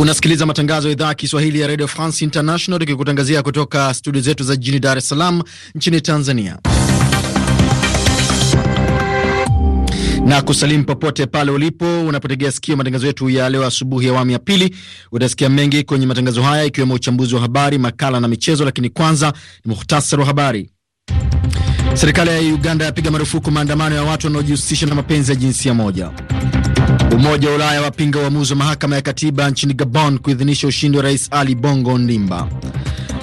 Unasikiliza matangazo ya idhaa ya Kiswahili ya Radio France International, tukikutangazia kutoka studio zetu za jijini Dar es Salaam nchini Tanzania na kusalimu popote pale ulipo unapotegea sikio matangazo yetu ya leo asubuhi ya awamu ya pili. Utasikia mengi kwenye matangazo haya, ikiwemo uchambuzi wa habari, makala na michezo, lakini kwanza ni muhtasari wa habari. Serikali ya Uganda yapiga marufuku maandamano ya watu wanaojihusisha na mapenzi ya jinsia moja. Umoja wa Ulaya wapinga uamuzi wa mahakama ya katiba nchini Gabon kuidhinisha ushindi wa Rais Ali Bongo Ndimba.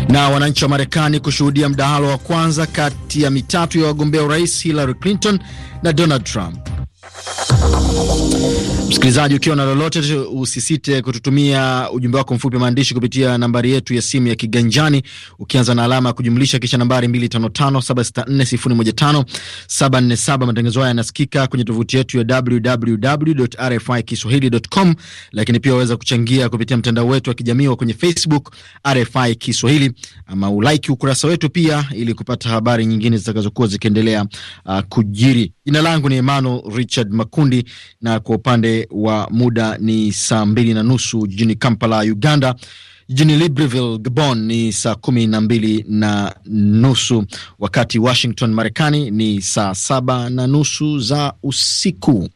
Na wananchi wa Marekani kushuhudia mdahalo wa kwanza kati ya mitatu ya wagombea urais Hillary Clinton na Donald Trump. Msikilizaji, ukiwa na lolote, usisite kututumia ujumbe wako mfupi maandishi kupitia nambari yetu ya simu ya kiganjani ukianza na alama ya kujumlisha kisha nambari 255764015747. Matangazo haya yanasikika kwenye tovuti yetu ya www.rfikiswahili.com, lakini pia waweza kuchangia kupitia mtandao wetu wa kijamii wa kwenye Facebook RFI Kiswahili, ama ulaiki ukurasa wetu pia, ili kupata habari nyingine zitakazokuwa zikiendelea uh, kujiri. Jina langu ni Emmanuel Richard Makundi, na kwa upande wa muda ni saa mbili na nusu jijini Kampala, Uganda. Jijini Libreville, Gabon ni saa kumi na mbili na nusu wakati Washington, Marekani ni saa saba na nusu za usiku.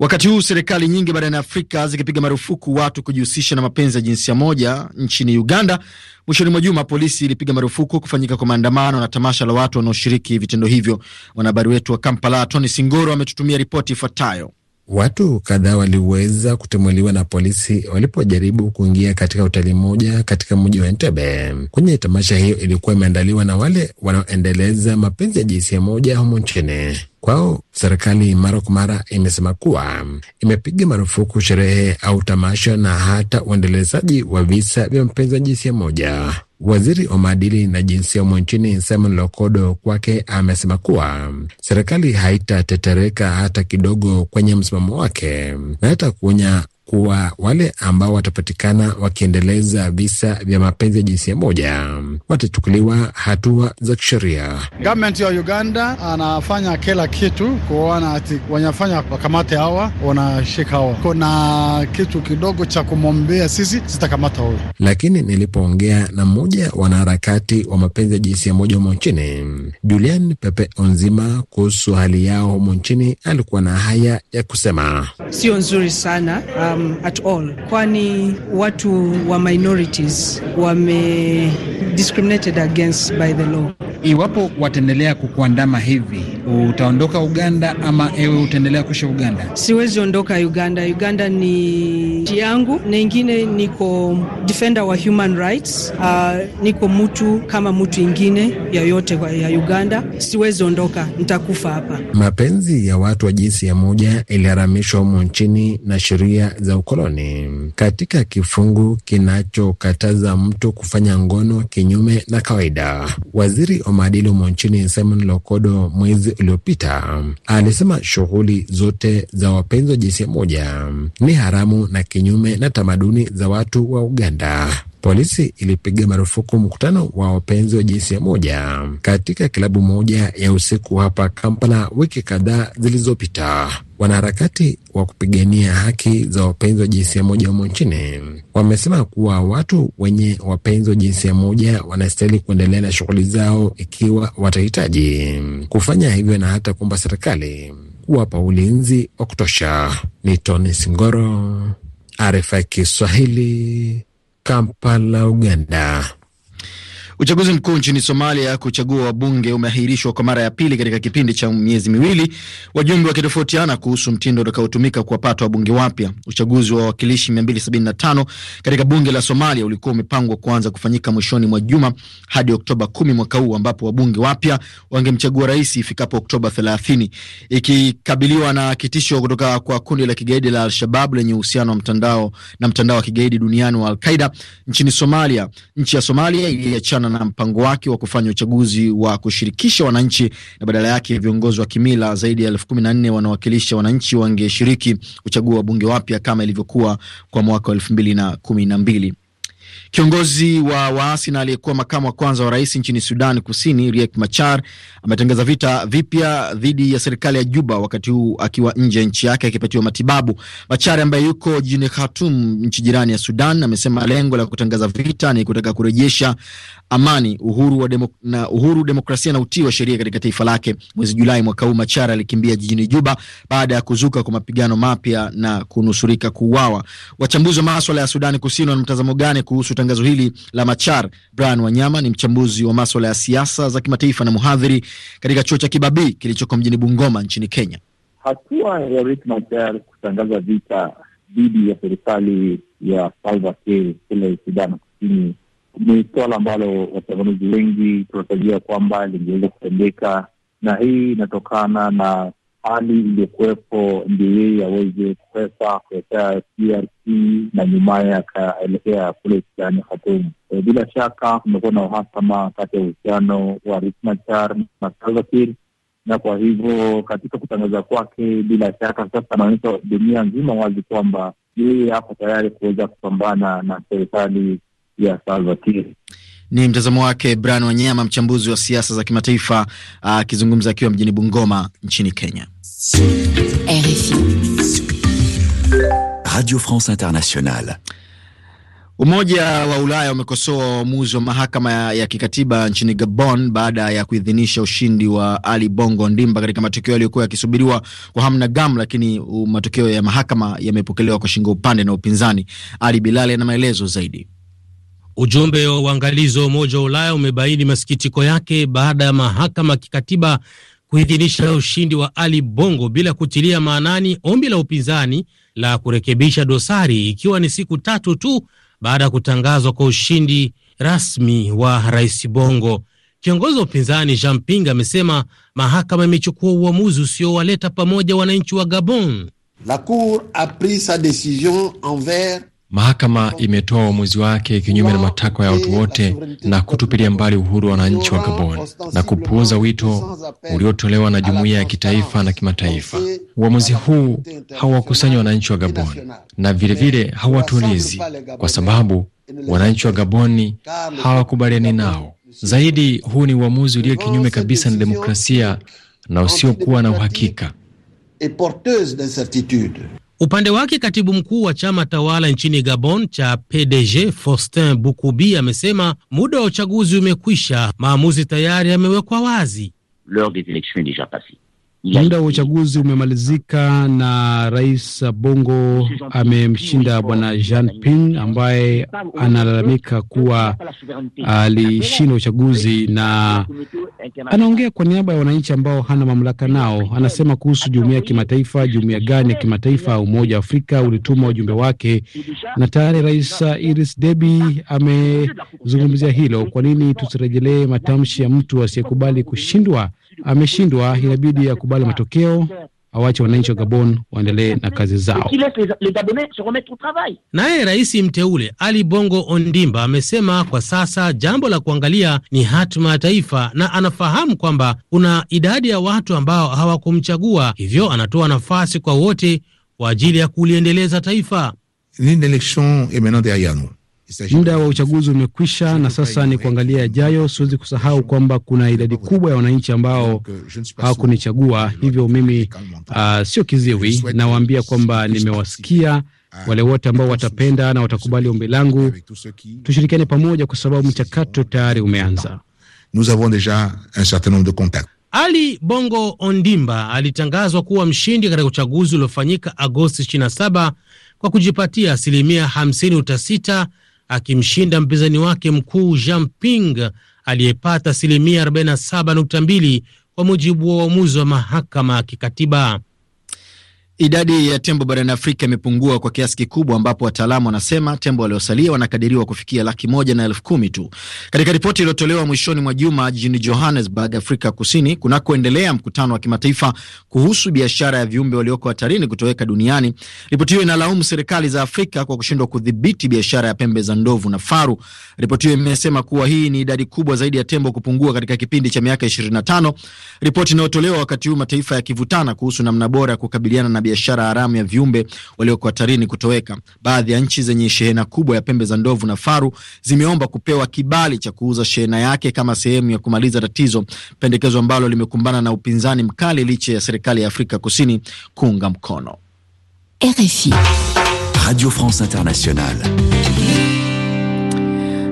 Wakati huu serikali nyingi barani Afrika zikipiga marufuku watu kujihusisha na mapenzi ya jinsia moja. Nchini Uganda, mwishoni mwa juma, polisi ilipiga marufuku kufanyika kwa maandamano na tamasha la watu wanaoshiriki vitendo hivyo. Mwanahabari wetu wa Kampala, Tony Singoro, ametutumia ripoti ifuatayo. Watu kadhaa waliweza kutimuliwa na polisi walipojaribu kuingia katika hoteli moja katika mji wa Entebbe. Kwenye tamasha hiyo ilikuwa imeandaliwa na wale wanaoendeleza mapenzi ya jinsia moja humo nchini. Kwao serikali mara kwa mara imesema kuwa imepiga marufuku sherehe au tamasha na hata uendelezaji wa visa vya mapenzi ya jinsia moja. Waziri wa maadili na jinsia humo nchini Simon Lokodo kwake amesema kuwa serikali haitatetereka hata kidogo kwenye msimamo wake na hata kuonya kuwa wale ambao watapatikana wakiendeleza visa vya mapenzi ya jinsia moja watachukuliwa hatua za kisheria. Gavmenti ya Uganda anafanya kila kitu kuona ati wanyafanya wakamate hawa wanashika hawa, kuna kitu kidogo cha kumwombea sisi zitakamata huyu. Lakini nilipoongea na mmoja wanaharakati wa mapenzi ya jinsia moja humo nchini, Julian Pepe Onzima, kuhusu hali yao humo nchini, alikuwa na haya ya kusema: sio nzuri sana um, um, at all, kwani watu wa minorities wame discriminated against by the law. Iwapo wataendelea kukuandama hivi, utaondoka Uganda ama ewe utaendelea kuisha Uganda? Siwezi ondoka Uganda. Uganda ni nchi yangu, na ingine niko defender wa human rights. Uh, niko mtu kama mtu ingine yoyote ya Uganda. Siwezi ondoka, nitakufa hapa. Mapenzi ya watu wa jinsi ya moja iliharamishwa humo nchini na sheria za ukoloni katika kifungu kinachokataza mtu kufanya ngono kinyume na kawaida. Waziri wa maadili humo nchini Simon Lokodo mwezi uliopita um, alisema shughuli zote za wapenzi wa jinsia moja um, ni haramu na kinyume na tamaduni za watu wa Uganda polisi ilipiga marufuku mkutano wa wapenzi wa jinsia moja katika klabu moja ya usiku hapa Kampala wiki kadhaa zilizopita. Wanaharakati wa kupigania haki za wapenzi wa jinsia moja humo nchini wamesema kuwa watu wenye wapenzi wa jinsia moja wanastahili kuendelea na shughuli zao ikiwa watahitaji kufanya hivyo, na hata kuomba serikali kuwapa ulinzi wa kutosha. Ni Tony Singoro, RFI Kiswahili, Kampala, Uganda. Uchaguzi mkuu nchini Somalia kuchagua wabunge umeahirishwa kwa mara ya pili katika kipindi cha miezi miwili, wajumbe wakitofautiana kuhusu mtindo utakaotumika kuwapata wabunge wapya. Uchaguzi wa wawakilishi 275 katika bunge la Somalia ulikuwa umepangwa kuanza kufanyika mwishoni mwa juma hadi Oktoba 10 mwaka huu, ambapo wabunge wapya wangemchagua rais ifikapo Oktoba 30, ikikabiliwa na kitisho kutoka kwa kundi la kigaidi la Al-Shabab lenye uhusiano mtandao na mtandao wa kigaidi duniani wa Al-Qaida nchini Somalia. Nchi ya Somalia iliachana na mpango wake wa kufanya uchaguzi wa kushirikisha wananchi na badala yake viongozi wa kimila zaidi ya elfu kumi na nne wanawakilisha wananchi wangeshiriki wa bunge wapya kama ilivyokuwa kwa mwaka wa elfu mbili na kumi na mbili. Kiongozi wa waasi na aliyekuwa makamu wa kwanza wa rais nchini Sudan Kusini, Riek Machar ametangaza vita vipya dhidi ya serikali ya Juba, wakati huu akiwa nje ya nchi yake akipatiwa matibabu. Machar ambaye yuko jijini Khartoum, nchi jirani ya Sudan, amesema lengo la kutangaza vita ni kutaka kurejesha amani, uhuru wa na uhuru, demokrasia na utii wa sheria katika taifa lake. Mwezi Julai mwaka huu Machar alikimbia jijini Juba baada ya kuzuka kwa mapigano mapya na kunusurika kuuawa. Wachambuzi wa maswala ya Sudani Kusini wana mtazamo gani kuhusu tangazo hili la Machar. Brian Wanyama ni mchambuzi wa maswala ya siasa za kimataifa na mhadhiri katika chuo cha Kibabii kilichoko mjini Bungoma nchini Kenya. Hatua ya Riek Machar kutangaza vita dhidi ya serikali ya Salva Kiir kule Sudan Kusini ni swala ambalo wachanganuzi wengi tunatarajia kwamba lingeweza kutendeka, na hii inatokana na hali iliyokuwepo ndio yeye aweze kukwepa kuelekea PRC na nyumaye akaelekea kule Sudani Khartoum. E, bila shaka kumekuwa na uhasama kati ya uhusiano wa Riek Machar na Salva Kiir, na kwa hivyo katika kutangaza kwake, bila shaka sasa anaonyesha dunia nzima wazi kwamba yeye hapo tayari kuweza kupambana na serikali ya Salva Kiir. Ni mtazamo wake Brian Wanyama, mchambuzi wa siasa za kimataifa akizungumza akiwa mjini Bungoma nchini Kenya. RFI. Radio France Internationale. Umoja wa Ulaya umekosoa uamuzi wa mahakama ya, ya kikatiba nchini Gabon baada ya kuidhinisha ushindi wa Ali Bongo Ndimba katika matokeo yaliyokuwa yakisubiriwa kwa hamna gamu, lakini matokeo ya mahakama yamepokelewa kwa shingo upande na upinzani. Ali Bilali ana maelezo zaidi. Ujumbe wa uangalizi wa Umoja wa Ulaya umebaini masikitiko yake baada ya mahakama ya kikatiba kuidhinisha ushindi wa Ali Bongo bila kutilia maanani ombi la upinzani la kurekebisha dosari, ikiwa ni siku tatu tu baada ya kutangazwa kwa ushindi rasmi wa Rais Bongo. Kiongozi wa upinzani Jean Ping amesema mahakama imechukua uamuzi usiowaleta pamoja wananchi wa Gabon. La cour a pris sa decision envers Mahakama imetoa uamuzi wake kinyume na matakwa ya watu wote na kutupilia mbali uhuru wa wananchi wa Gabon na kupuuza wito uliotolewa na jumuiya ya kitaifa na kimataifa. Uamuzi huu hawakusanyi wananchi wa Gabon na vilevile hauwatulizi kwa sababu wananchi wa Gaboni hawakubaliani nao. Zaidi, huu ni uamuzi ulio kinyume kabisa na demokrasia na usiokuwa na uhakika. Upande wake katibu mkuu wa chama tawala nchini Gabon cha PDG Faustin Bukubi amesema muda wa uchaguzi umekwisha, maamuzi tayari yamewekwa wazi. L'heure des elections est Muda wa uchaguzi umemalizika na Rais Bongo amemshinda Bwana Jean Ping ambaye analalamika kuwa uh, alishinda uchaguzi, na anaongea kwa niaba ya wananchi ambao hana mamlaka nao. Anasema kuhusu jumuiya ya kimataifa, jumuiya gani ya kimataifa? Umoja wa Afrika ulituma ujumbe wake, na tayari Rais iris debi amezungumzia hilo. Kwa nini tusirejelee matamshi ya mtu asiyekubali kushindwa? ameshindwa, inabidi akubali matokeo, awache wananchi wa Gabon waendelee na kazi zao. Naye rais mteule Ali Bongo Ondimba amesema kwa sasa jambo la kuangalia ni hatima ya taifa, na anafahamu kwamba kuna idadi ya watu ambao hawakumchagua, hivyo anatoa nafasi kwa wote kwa ajili ya kuliendeleza taifa. Muda wa uchaguzi umekwisha na sasa ni kuangalia yajayo. Siwezi kusahau kwamba kuna idadi kubwa ya wananchi ambao hawakunichagua, hivyo mimi uh, sio kiziwi. Nawaambia kwamba nimewasikia wale wote euh, ambao watapenda na watakubali ombi langu. Tushirikiane pamoja, kwa sababu mchakato tayari umeanza. Ali Bongo Ondimba alitangazwa kuwa mshindi katika uchaguzi uliofanyika Agosti 27 kwa kujipatia asilimia 50.6 akimshinda mpinzani wake mkuu Jean Ping aliyepata asilimia 47.2 kwa mujibu wa uamuzi wa mahakama ya kikatiba. Idadi ya tembo barani Afrika imepungua kwa kiasi kikubwa, ambapo wataalamu wanasema tembo waliosalia wanakadiriwa kufikia laki moja na elfu kumi tu. Katika ripoti iliyotolewa mwishoni mwa juma jijini Johannesburg, Afrika Kusini, kunakoendelea mkutano wa kimataifa kuhusu biashara ya viumbe walioko hatarini kutoweka duniani, ripoti hiyo inalaumu serikali za Afrika kwa kushindwa kudhibiti biashara ya pembe za ndovu na faru. Ripoti hiyo imesema kuwa hii ni idadi kubwa zaidi ya tembo kupungua katika kipindi cha miaka 25, ripoti inayotolewa wakati huu mataifa yakivutana kuhusu namna bora ya kukabiliana na biashara haramu ya viumbe walioko hatarini kutoweka. Baadhi ya nchi zenye shehena kubwa ya pembe za ndovu na faru zimeomba kupewa kibali cha kuuza shehena yake kama sehemu ya kumaliza tatizo, pendekezo ambalo limekumbana na upinzani mkali licha ya serikali ya Afrika Kusini kuunga mkono. RFI Radio France Internationale.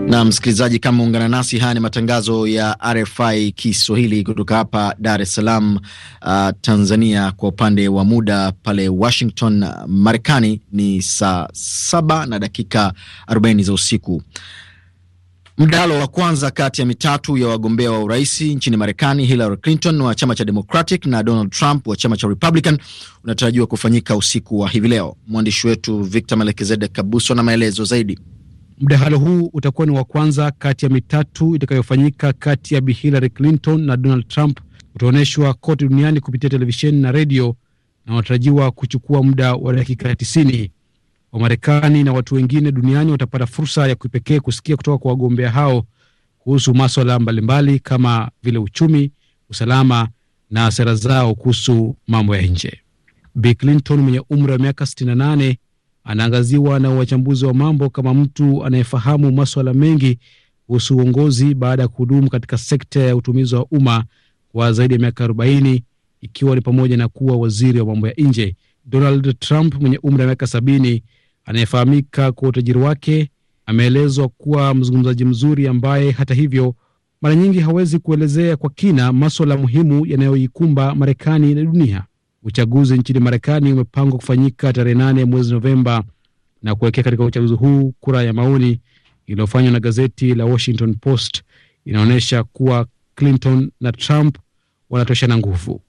Na msikilizaji, kama ungana nasi, haya ni matangazo ya RFI Kiswahili kutoka hapa Dar es Salaam, uh, Tanzania. Kwa upande wa muda pale Washington, uh, Marekani ni saa saba na dakika 40 za usiku. Mdahalo wa kwanza kati ya mitatu ya wagombea wa urais nchini Marekani, Hillary Clinton wa chama cha Democratic na Donald Trump wa chama cha Republican unatarajiwa kufanyika usiku wa hivi leo. Mwandishi wetu Victor Melekizedek Kabuso na maelezo zaidi. Mdahalo huu utakuwa ni wa kwanza kati ya mitatu itakayofanyika kati ya Bi Hillary Clinton na Donald Trump. Utaonyeshwa kote duniani kupitia televisheni na redio na wanatarajiwa kuchukua muda wa dakika 90. Wamarekani na watu wengine duniani watapata fursa ya kipekee kusikia kutoka kwa wagombea hao kuhusu maswala mbalimbali kama vile uchumi, usalama na sera zao kuhusu mambo ya nje. Bi Clinton mwenye umri wa miaka 68 anaangaziwa na wachambuzi wa mambo kama mtu anayefahamu maswala mengi kuhusu uongozi baada ya kuhudumu katika sekta ya utumizi wa umma kwa zaidi ya miaka 40 ikiwa ni pamoja na kuwa waziri wa mambo ya nje. Donald Trump mwenye umri wa miaka sabini anayefahamika kwa utajiri wake ameelezwa kuwa mzungumzaji mzuri ambaye hata hivyo mara nyingi hawezi kuelezea kwa kina maswala muhimu yanayoikumba Marekani na dunia. Uchaguzi nchini Marekani umepangwa kufanyika tarehe nane mwezi Novemba, na kuelekea katika uchaguzi huu, kura ya maoni iliyofanywa na gazeti la Washington Post inaonyesha kuwa Clinton na Trump wanatoshana nguvu.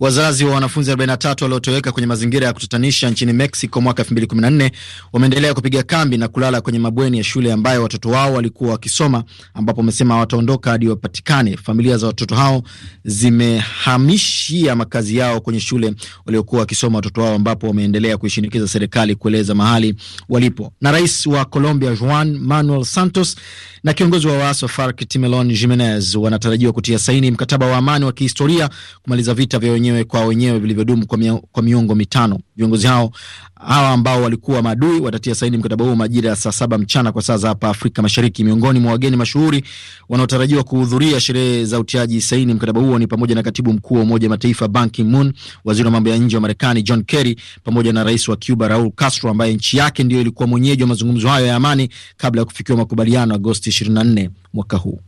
Wazazi wa wanafunzi 43 waliotoweka kwenye mazingira ya kutatanisha nchini Mexico mwaka 2014 wameendelea kupiga kambi na kulala kwenye mabweni ya shule ambayo watoto wao walikuwa wakisoma, ambapo wamesema wataondoka hadi wapatikane. Familia za watoto hao zimehamishia makazi yao kwenye shule waliokuwa wakisoma watoto wao, ambapo wameendelea kuishinikiza serikali kueleza mahali walipo. Na rais wa Colombia Juan Manuel Santos na kiongozi wa waasi wa FARC Timelon Jimenez wanatarajiwa kutia saini mkataba wa amani wa kihistoria kumaliza vita vya wenyewe wenyewe kwa wenyewe vilivyodumu kwa, mia, kwa miongo mitano. Viongozi hao hawa ambao walikuwa maadui watatia saini mkataba huo majira ya saa saba mchana kwa saa za hapa Afrika Mashariki. Miongoni mwa wageni mashuhuri wanaotarajiwa kuhudhuria sherehe za utiaji saini mkataba huo ni pamoja na katibu mkuu wa Umoja wa Mataifa Ban Ki-moon, waziri wa mambo ya nje wa Marekani John Kerry pamoja na rais wa Cuba Raul Castro ambaye nchi yake ndiyo ilikuwa mwenyeji wa mazungumzo hayo ya amani kabla ya kufikiwa makubaliano Agosti 24 mwaka huu.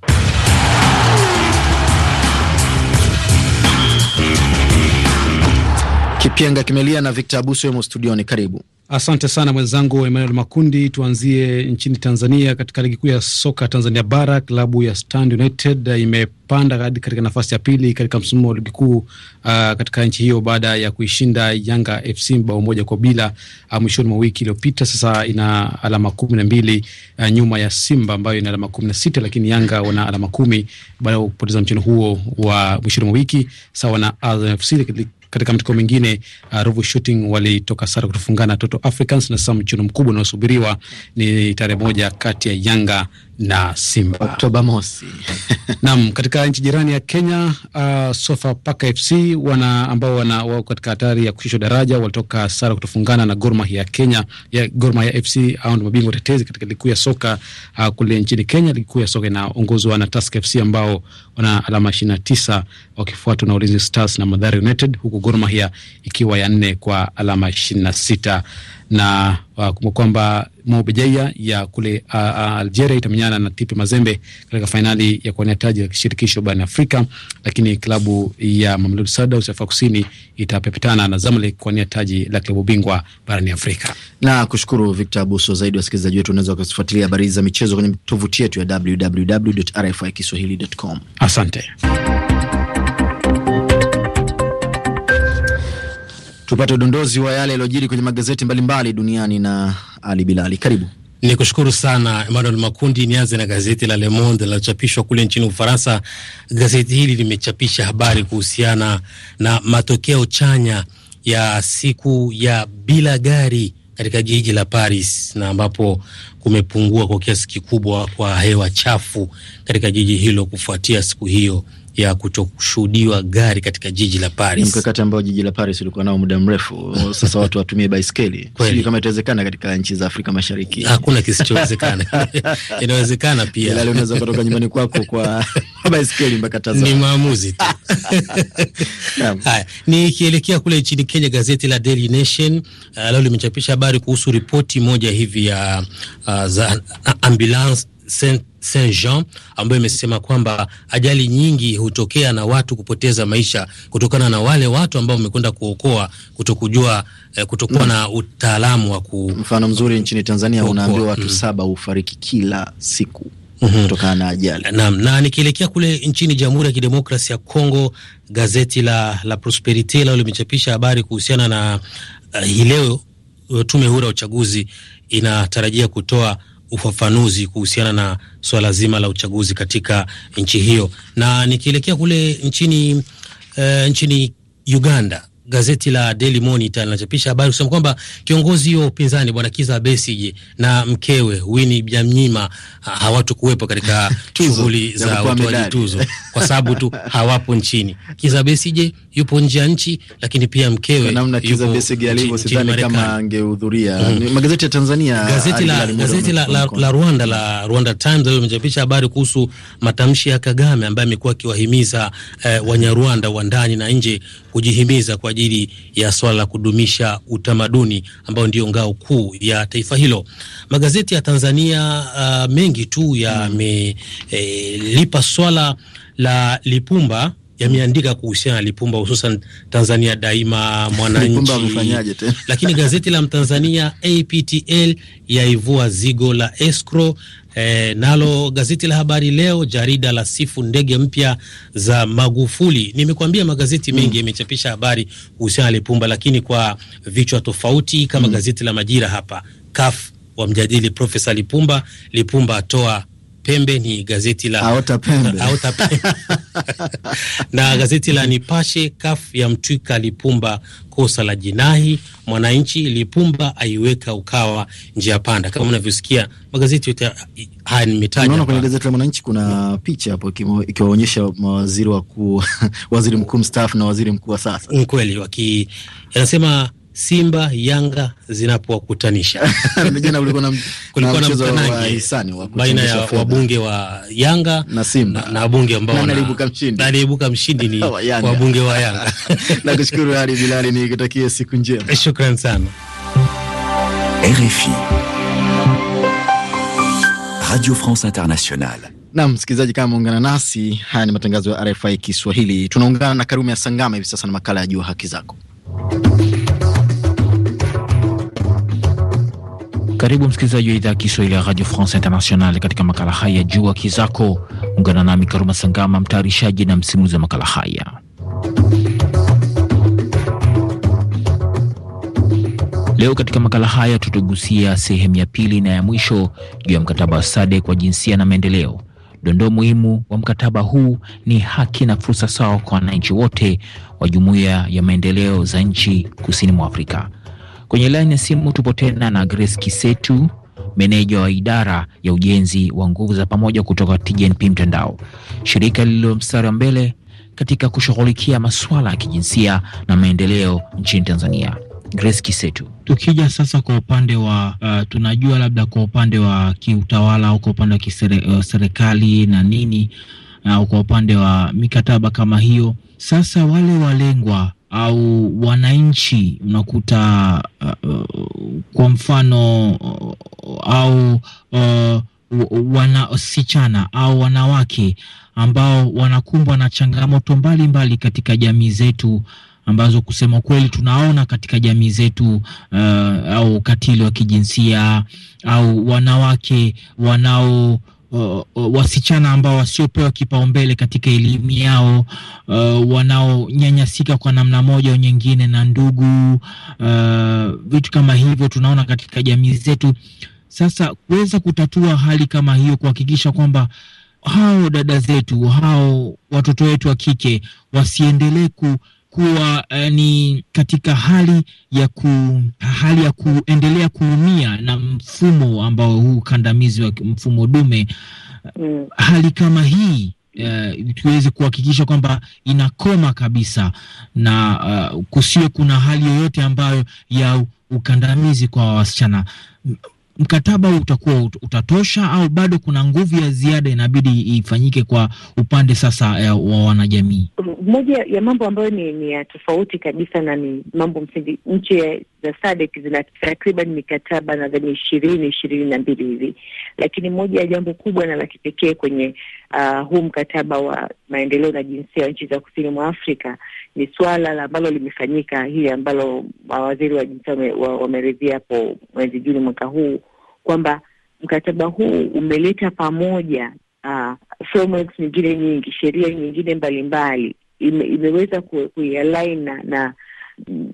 Kipenga kimelia na Victor Abuso yumo studioni, karibu. Asante sana mwenzangu Emmanuel Makundi. Tuanzie nchini Tanzania. Katika ligi kuu ya soka Tanzania Bara, klabu ya Stand United imepanda hadi katika nafasi ya pili katika msimamo wa ligi kuu uh, katika nchi hiyo baada ya kuishinda Yanga FC bao moja kwa bila uh, mwishoni mwa wiki iliyopita. Sasa ina alama kumi na mbili uh, nyuma ya Simba ambayo ina alama kumi na sita lakini Yanga wana alama kumi baada ya kupoteza mchezo huo wa mwishoni mwa wiki sawa na AFC katika mtuko mengine, uh, Ruvu Shooting walitoka sare kutofungana Toto Africans, na sasa mchuno mkubwa unaosubiriwa ni tarehe moja kati ya Yanga na Simba Oktoba mosi. Naam, katika nchi jirani ya Kenya, uh, Sofapaka FC wana ambao wana wao katika hatari ya kushusha daraja walitoka sare kutofungana na Gor Mahia ya Kenya ya Gor Mahia FC au ndio mabingwa tetezi katika ligi kuu ya soka uh, kule nchini Kenya. Ligi kuu ya soka inaongozwa na Tusker FC ambao wana alama 29 wakifuatwa na Ulinzi Stars na Mathare United huku Gor Mahia ikiwa ya nne kwa alama ishirini na sita na uh, kumbuka kwamba Mobejaia ya kule uh, uh, Algeria itamenyana na Tipe Mazembe katika fainali ya kuwania taji la kishirikisho barani Afrika, lakini klabu ya Mamelodi Sundowns ya Afrika Kusini itapepetana na Zamalek kuwania taji la klabu bingwa barani Afrika. Na kushukuru Victor Abuso. Zaidi wasikilizaji wetu unaweza kufuatilia habari za michezo kwenye tovuti yetu ya www.rfikiswahili.com. Asante. tupate udondozi wa yale yaliyojiri kwenye magazeti mbalimbali duniani na Ali Bilali. Karibu. Ni kushukuru sana Emmanuel Makundi. Nianze na gazeti la Le Monde linalochapishwa kule nchini Ufaransa. Gazeti hili limechapisha habari kuhusiana na matokeo chanya ya siku ya bila gari katika jiji la Paris na ambapo kumepungua kwa kiasi kikubwa kwa hewa chafu katika jiji hilo kufuatia siku hiyo ya kutoshuhudiwa gari katika jiji la Paris. Mkakati ambao jiji la Paris ulikuwa nao muda mrefu, sasa watu watumie baiskeli. Sijui kama itawezekana katika nchi za Afrika Mashariki. Hakuna kisichowezekana inawezekana pia, ila unaweza kutoka nyumbani kwako kwa baiskeli mpaka Tazara. Ni maamuzi tu haya. Nikielekea kule nchini Kenya, gazeti la Daily Nation uh, leo limechapisha habari kuhusu ripoti moja hivi ya uh, za uh, ambulance Saint Jean ambayo imesema kwamba ajali nyingi hutokea na watu kupoteza maisha kutokana na wale watu ambao wamekwenda kuokoa kutokujua eh, kutokuwa mm. na utaalamu wa ku... mfano mzuri nchini Tanzania unaambiwa watu mm. saba hufariki kila siku mhm. kutokana na ajali. Naam, na nikielekea kule nchini Jamhuri ya Kidemokrasia ya Kongo, gazeti la la Prosperite lao limechapisha habari kuhusiana na uh, hii leo eh, tume huru ya uchaguzi inatarajia kutoa ufafanuzi kuhusiana na swala zima la uchaguzi katika nchi hiyo. Na nikielekea kule nchini, uh, nchini Uganda gazeti la Daily Monitor linachapisha habari kusema kwamba kiongozi wa upinzani bwana Kiza Besije na mkewe Wini Byanyima hawatokuwepo katika shughuli za utoaji tuzo kwa sababu tu hawapo nchini. Kiza Besije yupo nje ya nchi, lakini pia mkewe namna Kiza Besije alivyo, sidhani kama angehudhuria. mm. Magazeti ya Tanzania, gazeti la gazeti la, la, la Rwanda la Rwanda Times leo limechapisha habari kuhusu matamshi ya Kagame ambaye amekuwa akiwahimiza eh, Wanyarwanda wa ndani na nje kujihimiza kwa ajili ya swala la kudumisha utamaduni ambao ndio ngao kuu ya taifa hilo. Magazeti ya Tanzania uh, mengi tu yamelipa mm. eh, swala la Lipumba yameandika kuhusiana na Lipumba hususan Tanzania Daima, Mwananchi lakini gazeti la Mtanzania APTL yaivua zigo la escrow E, nalo gazeti la Habari Leo jarida la sifu ndege mpya za Magufuli. Nimekuambia magazeti mm. mengi yamechapisha habari kuhusiana na Lipumba, lakini kwa vichwa tofauti kama mm. gazeti la Majira hapa, wa wamjadili Profesa Lipumba, Lipumba atoa Pembe ni gazeti la Aota Pembe. Aota Pembe. na gazeti la Nipashe, kaf ya mtwika Lipumba kosa la jinai. Mwananchi, Lipumba aiweka Ukawa njia panda. Kama unavyosikia magazeti yote haya nimetaja. Unaona kwenye gazeti la Mwananchi kuna mm. picha hapo ikiwaonyesha mawaziri wakuu, waziri mkuu mstaafu na waziri mkuu wa sasa. Ni kweli waki anasema Simba Yanga zinapowakutanisha. kulikuwa na mtanangi baina ya wabunge wa Yanga na Simba na wabunge ambao anaibuka mshindi ni wabunge wa Yanga. Nakushukuru Ali Bilali, nikutakie siku njema. Eh, shukran sana. RFI Radio France Internationale. Na msikilizaji, kama umeungana nasi, haya ni matangazo ya RFI Kiswahili. Tunaungana na Karume ya Sangama hivi sasa na makala ya Jua Haki Zako. Karibu msikilizaji wa idhaa ya Kiswahili ya Radio France International katika makala haya Jua Kizako. Ungana nami Karuma Sangama, mtayarishaji na msimuzi wa makala haya. Leo katika makala haya tutagusia sehemu ya pili na ya mwisho juu ya mkataba wa SADC kwa jinsia na maendeleo. Dondoo muhimu wa mkataba huu ni haki na fursa sawa kwa wananchi wote wa jumuiya ya maendeleo za nchi kusini mwa Afrika. Kwenye laini ya simu tupo tena na Grace Kisetu, meneja wa idara ya ujenzi wa nguvu za pamoja kutoka TGNP Mtandao, shirika lililo mstari wa mbele katika kushughulikia masuala ya kijinsia na maendeleo nchini Tanzania. Grace Kisetu, tukija sasa kwa upande wa uh, tunajua labda kwa upande wa kiutawala au kwa upande wa kiserikali uh, na nini au uh, kwa upande wa mikataba kama hiyo, sasa wale walengwa au wananchi unakuta uh, uh, kwa mfano uh, au uh, wanasichana au wanawake ambao wanakumbwa na changamoto mbalimbali mbali katika jamii zetu ambazo kusema kweli tunaona katika jamii zetu uh, au ukatili wa kijinsia au wanawake wanao Uh, uh, wasichana ambao wasiopewa kipaumbele katika elimu yao uh, wanaonyanyasika kwa namna moja au nyingine na ndugu uh, vitu kama hivyo tunaona katika jamii zetu. Sasa kuweza kutatua hali kama hiyo, kuhakikisha kwamba hao dada zetu, hao watoto wetu wa kike wasiendelee ku kuwa uh, ni katika hali ya ku, hali ya kuendelea kuumia na mfumo ambao huu ukandamizi wa mfumo dume mm. Hali kama hii uh, tuweze kuhakikisha kwamba inakoma kabisa na uh, kusiwe kuna hali yoyote ambayo ya ukandamizi kwa wasichana mkataba utakuwa utatosha au bado kuna nguvu ya ziada inabidi ifanyike kwa upande sasa eh, wa wanajamii? Moja ya mambo ambayo ni, ni ya tofauti kabisa na ni mambo msingi, nchi za SADC zina takriban mikataba nadhani ishirini ishirini na mbili hivi, lakini moja ya jambo kubwa na la kipekee kwenye uh, huu mkataba wa maendeleo na jinsia ya nchi za kusini mwa Afrika ni swala ambalo limefanyika hili ambalo mawaziri wa jinsia wameridhia hapo mwezi Juni mwaka huu kwamba mkataba huu umeleta pamoja uh, frameworks nyingine nyingi, sheria nyingine mbalimbali ime, imeweza kuialign na, na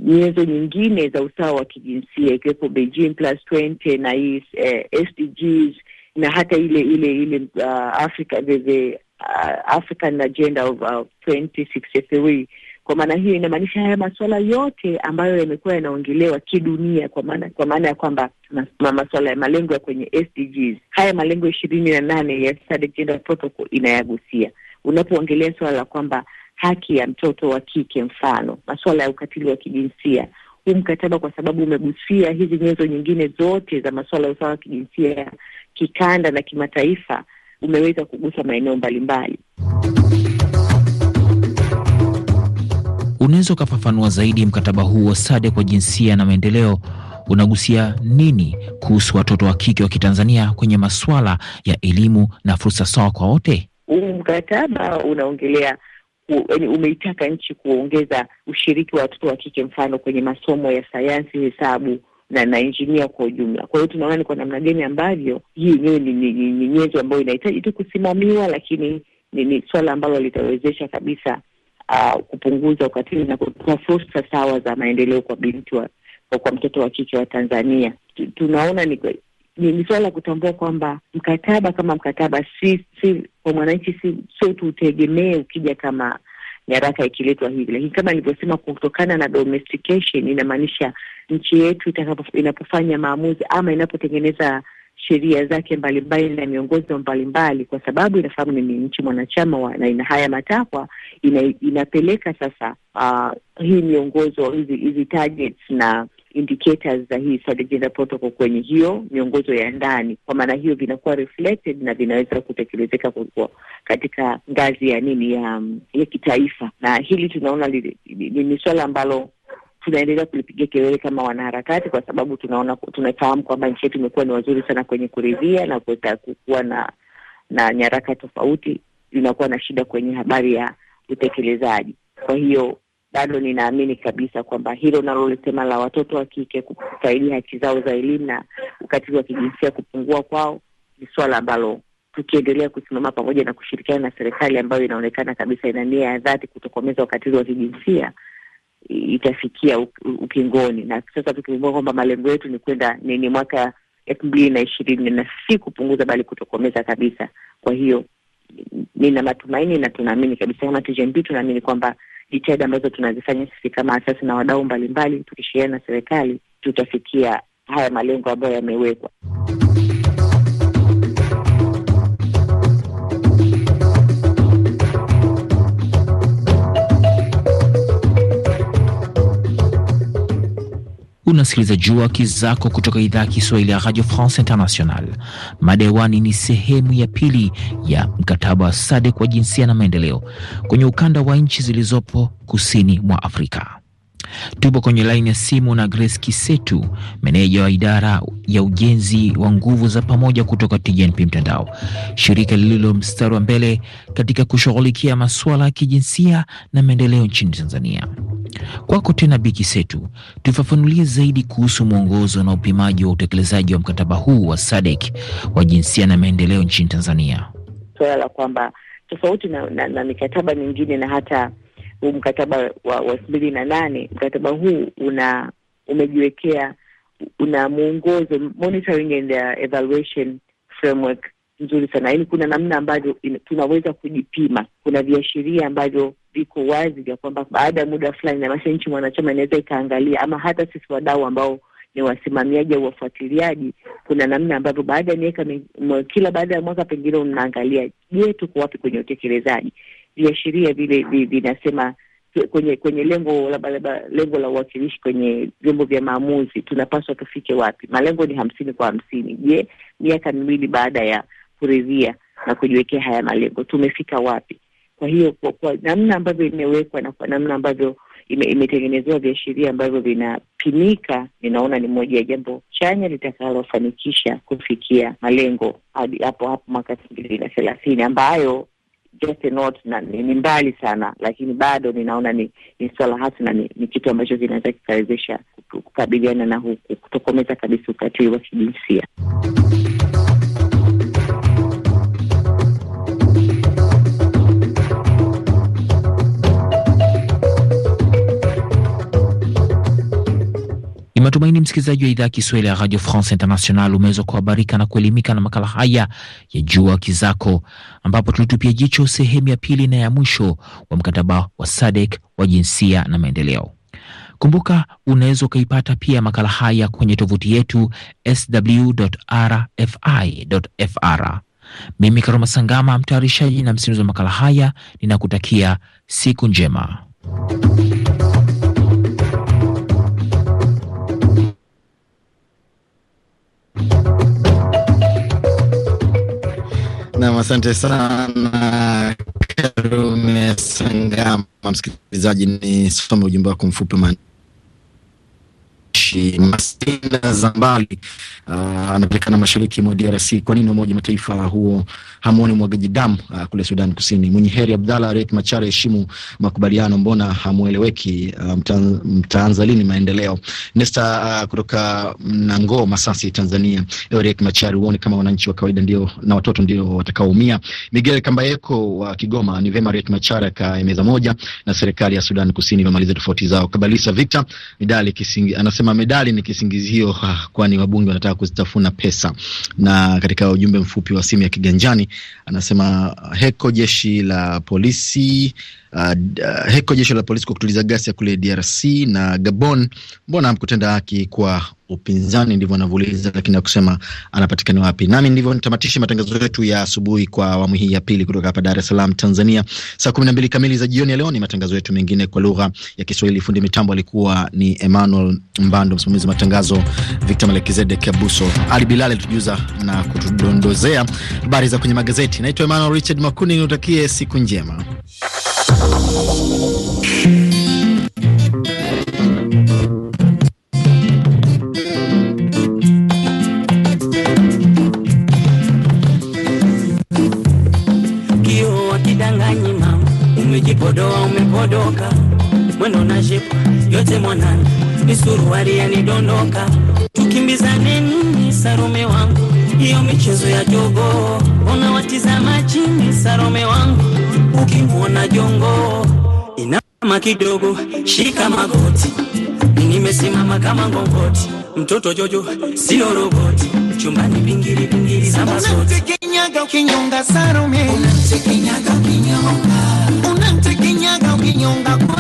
nyenzo nyingine za usawa wa kijinsia ikiwepo Beijing plus 20 na hii eh, SDGs na hata ile ile ile uh, Africa the, the, uh, African agenda of uh, 2063 kwa maana hiyo inamaanisha haya masuala yote ambayo yamekuwa yanaongelewa kidunia, kwa maana kwa maana ya kwamba masuala ya malengo ya kwenye SDGs, haya malengo ishirini na nane ya Gender Protocol inayagusia. Unapoongelea suala la kwamba haki ya mtoto wa kike, mfano masuala ya ukatili wa kijinsia huu mkataba kwa sababu umegusia hizi nyenzo nyingine zote za masuala ya usawa wa kijinsia kikanda na kimataifa, umeweza kugusa maeneo mbalimbali unaweza ukafafanua zaidi mkataba huu wa SADC kwa jinsia na maendeleo unagusia nini kuhusu watoto wa kike wa Kitanzania kwenye masuala ya elimu na fursa sawa kwa wote? Huu mkataba unaongelea umeitaka nchi kuongeza ushiriki wa watoto wa kike, mfano kwenye masomo ya sayansi, hesabu na na injinia kwa ujumla. Kwa hiyo tunaona ni kwa namna gani ambavyo hii yenyewe ni, ni, ni, ni nyenzo ambayo inahitaji tu kusimamiwa, lakini ni, ni swala ambalo litawezesha kabisa uh, kupunguza ukatili na kutoa fursa sawa za maendeleo kwa binti wa, kwa mtoto wa kike wa Tanzania. T tunaona ni ni, ni suala la kutambua kwamba mkataba kama mkataba si si kwa mwananchi si sio tuutegemee ukija kama nyaraka ikiletwa hivi, lakini kama nilivyosema, kutokana na domestication inamaanisha nchi yetu inapofanya maamuzi ama inapotengeneza sheria zake mbalimbali na miongozo mbalimbali, kwa sababu inafahamu ni nchi mwanachama wa, na ina haya matakwa ina, inapeleka sasa uh, hii miongozo hizi hizi targets na indicators za hii Agenda Protocol kwenye hiyo miongozo ya ndani. Kwa maana hiyo vinakuwa reflected na vinaweza kutekelezeka katika ngazi ya nini ya, ya kitaifa, na hili tunaona ni suala ambalo tunaendelea kulipigia kelele kama wanaharakati, kwa sababu tunaona tunafahamu kwamba nchi yetu imekuwa ni wazuri sana kwenye kuridhia na kuwa na na nyaraka tofauti, inakuwa na shida kwenye habari ya utekelezaji. Kwa hiyo bado ninaamini kabisa kwamba hilo nalolisema la watoto wa kike kufaidi haki zao za elimu na ukatili wa kijinsia kupungua kwao ni suala ambalo tukiendelea kusimama pamoja na kushirikiana na serikali ambayo inaonekana kabisa ina nia ya dhati kutokomeza ukatili wa kijinsia itafikia ukingoni, na sasa tukiumbua kwamba malengo yetu ni kwenda ni mwaka elfu mbili na ishirini na si kupunguza bali kutokomeza kabisa. Kwa hiyo nina matumaini na tunaamini kabisa kama TGNB, tunaamini kwamba jitihada ambazo tunazifanya sisi kama asasi na wadau mbalimbali, tukishiriana na serikali, tutafikia haya malengo ambayo yamewekwa. Unasikiliza Jua Kizako kutoka idhaa ya Kiswahili ya Radio France International. Madewani ni sehemu ya pili ya mkataba wa SADC wa jinsia na maendeleo kwenye ukanda wa nchi zilizopo kusini mwa Afrika. Tupo kwenye laini ya simu na Grace Kisetu, meneja wa idara ya ujenzi wa nguvu za pamoja kutoka TGNP Mtandao, shirika lililo mstari wa mbele katika kushughulikia masuala ya kijinsia na maendeleo nchini Tanzania. Kwako tena biki Setu, tufafanulie zaidi kuhusu mwongozo na upimaji wa utekelezaji wa mkataba huu wa SADC wa jinsia na maendeleo nchini Tanzania. Suala la kwamba tofauti na, na, na mikataba mingine na hata huu mkataba wa elfu mbili na nane mkataba huu una umejiwekea una mwongozo monitoring and evaluation framework nzuri sana, yaani kuna namna ambavyo tunaweza kujipima. Kuna viashiria ambavyo viko wazi vya kwamba baada ya muda fulani namasha nchi mwanachama inaweza ikaangalia, ama hata sisi wadau ambao ni wasimamiaji au wafuatiliaji, kuna namna ambavyo baada ya miaka kila baada ya mwaka pengine unaangalia, je, tuko wapi kwenye utekelezaji? Viashiria vile vinasema kwenye kwenye lengo labda lengo la uwakilishi kwenye vyombo vya maamuzi tunapaswa tufike wapi? Malengo ni hamsini kwa hamsini. Je, miaka miwili baada ya kuridhia na kujiwekea haya malengo, tumefika wapi? Kwa hiyo kwa, kwa namna ambavyo imewekwa na kwa namna ambavyo ime, imetengenezewa viashiria ambavyo vinapimika, ninaona ni moja ya jambo chanya litakalofanikisha kufikia malengo hadi hapo hapo mwaka elfu mbili na thelathini ambayo just a note, na, ni, ni mbali sana lakini bado ninaona ni, ni swala hasi na ni, ni kitu ambacho kinaweza kikawezesha kukabiliana na huku kutokomeza kabisa ukatili wa kijinsia. Natumaini msikilizaji wa idhaa Kiswahili ya Radio France International umeweza kuhabarika na kuelimika na makala haya ya Jua Haki Zako, ambapo tulitupia jicho sehemu ya pili na ya mwisho wa mkataba wa SADC wa jinsia na maendeleo. Kumbuka, unaweza ukaipata pia makala haya kwenye tovuti yetu sw.rfi.fr. Mimi Karoma Sangama, mtayarishaji na msimuzi wa makala haya, ninakutakia siku njema. Nam, asante sana Karume Sangama. Msikilizaji, ni nisome ujumbe wako mfupi nchi Masina uh, anapatikana mashariki mwa DRC. Kwa nini Umoja Mataifa huo hamuoni mwagaji damu uh, kule Sudan Kusini? Mwenye heri Abdalla Riek Machar, heshimu makubaliano, mbona hamueleweki? Uh, mtaanza mta, lini maendeleo. Nesta uh, kutoka Nango Masasi, Tanzania. Riek Machar, huoni kama wananchi wa kawaida ndio na watoto ndio watakaoumia? Miguel Kambayeko wa uh, Kigoma, ni vema Riek Machar meza moja na serikali ya Sudan Kusini wamalize tofauti zao. Kabalisa Victor Midali Kisingi anasema medali ni kisingizio, kwani wabunge wanataka kuzitafuna pesa. Na katika ujumbe mfupi wa simu ya kiganjani anasema heko jeshi la polisi uh, uh, heko jeshi la polisi kwa kutuliza ghasia kule DRC na Gabon. Mbona hamkutenda haki kwa upinzani? Ndivyo anavyouliza, lakini akusema anapatikana wapi. Nami ndivyo nitamatishe matangazo yetu ya asubuhi kwa awamu hii ya pili kutoka hapa Dar es Salaam, Tanzania. Saa kumi na mbili kamili za jioni ya leo ni matangazo yetu mengine kwa lugha ya Kiswahili. Fundi mitambo alikuwa ni Emmanuel Mbando, msimamizi wa matangazo Victor Melekizedek Abuso. Ali Bilal alitujuza na kutudondozea habari za kwenye magazeti. Naitwa Emmanuel Richard Makuni, niutakie siku njema. Umejipodoa, umepodoka, mwendo na jipu yote mwanani, ni suruali yanidondoka. Tukimbizane nini, Sarume wangu, hiyo michezo ya jogo, unawatizama chini, Sarume wangu ukimvuna jongo, inama kidogo, shika magoti, nimesimama kama ngongoti, mtoto Jojo sio roboti, chumbani pingili pingili za masoti, kinyaga ukinyonga Salome, kinyaga ukinyonga, unamtekenyaga ukinyonga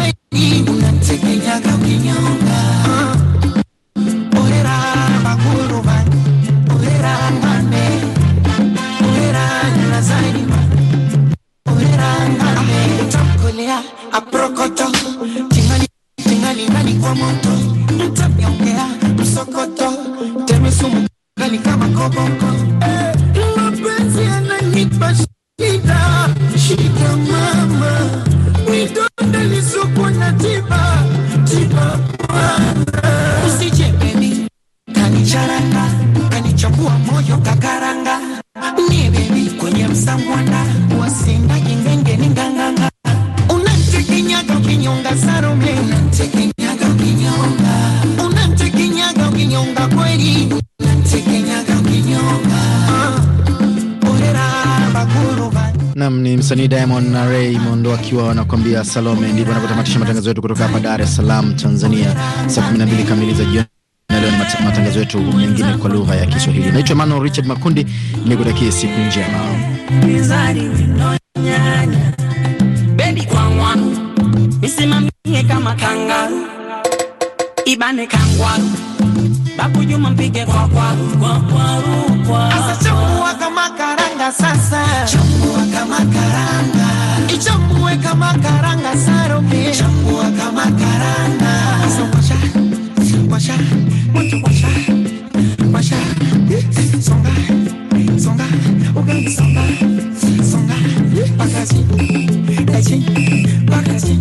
Nam ni msanii Diamond na Raymond wakiwa wanakuambia Salome. Ndipo anapotamatisha matangazo yetu kutoka hapa Dar es Salaam, Tanzania, saa 12 kamili za jioni. Na leo ni matangazo yetu mengine kwa lugha ya Kiswahili. Naitwa Manuel Richard Makundi, ni kutakia siku njema. karanga sasa, chambua kama karanga, ichambue kama karanga sarope, chambua kama karanga. Songasha, washa, mtu washa, washa, songa, songa, ugali songa, songa, pakazi, aji, pakazi,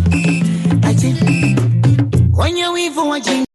aji. Kwenye wivu wa jinga